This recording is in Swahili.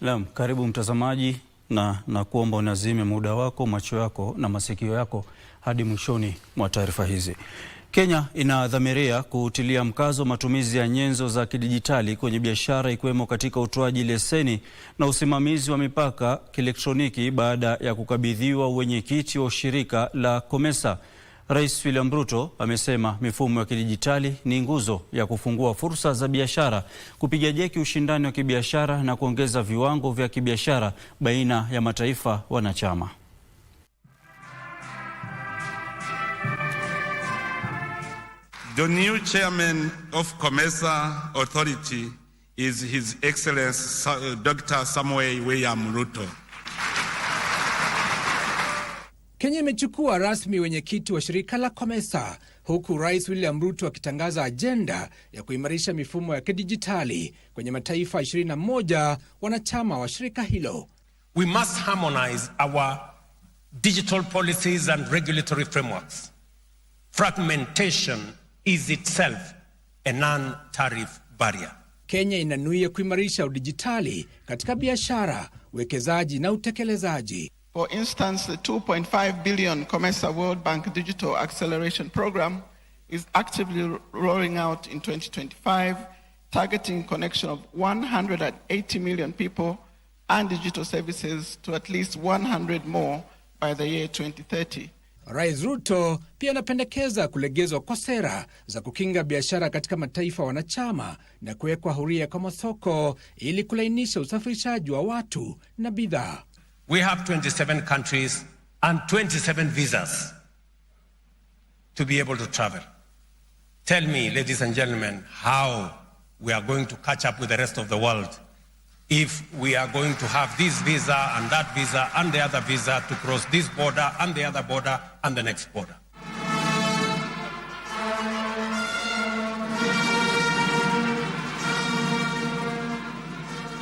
Naam, karibu mtazamaji na na kuomba unazime muda wako, macho yako na masikio yako hadi mwishoni mwa taarifa hizi. Kenya inadhamiria kutilia mkazo matumizi ya nyenzo za kidijitali kwenye biashara ikiwemo katika utoaji leseni na usimamizi wa mipaka kielektroniki baada ya kukabidhiwa uwenyekiti wa shirika la COMESA. Rais William Ruto amesema mifumo ya kidijitali ni nguzo ya kufungua fursa za biashara, kupiga jeki ushindani wa kibiashara na kuongeza viwango vya kibiashara baina ya mataifa wanachama. The new chairman of COMESA authority is His Excellency Dr. Samuel William Ruto. Kenya imechukua rasmi wenyekiti wa shirika la COMESA huku Rais William Ruto akitangaza ajenda ya kuimarisha mifumo ya kidijitali kwenye mataifa 21 wanachama wa shirika hilo. We must harmonize our digital policies and regulatory frameworks. Fragmentation is itself a non-tariff barrier. Kenya inanuia kuimarisha udijitali katika biashara, uwekezaji na utekelezaji. For instance, the 2.5 billion COMESA World Bank Digital Acceleration Program is actively rolling out in 2025, targeting connection of 180 million people and digital services to at least 100 more by the year 2030. Rais Ruto pia anapendekeza kulegezwa kwa sera za kukinga biashara katika mataifa wanachama na kuwekwa huria kwa masoko ili kulainisha usafirishaji wa watu na bidhaa. We have 27 countries and 27 visas to be able to travel. Tell me, ladies and gentlemen, how we are going to catch up with the rest of the world if we are going to have this visa and that visa and the other visa to cross this border and the other border and the next border.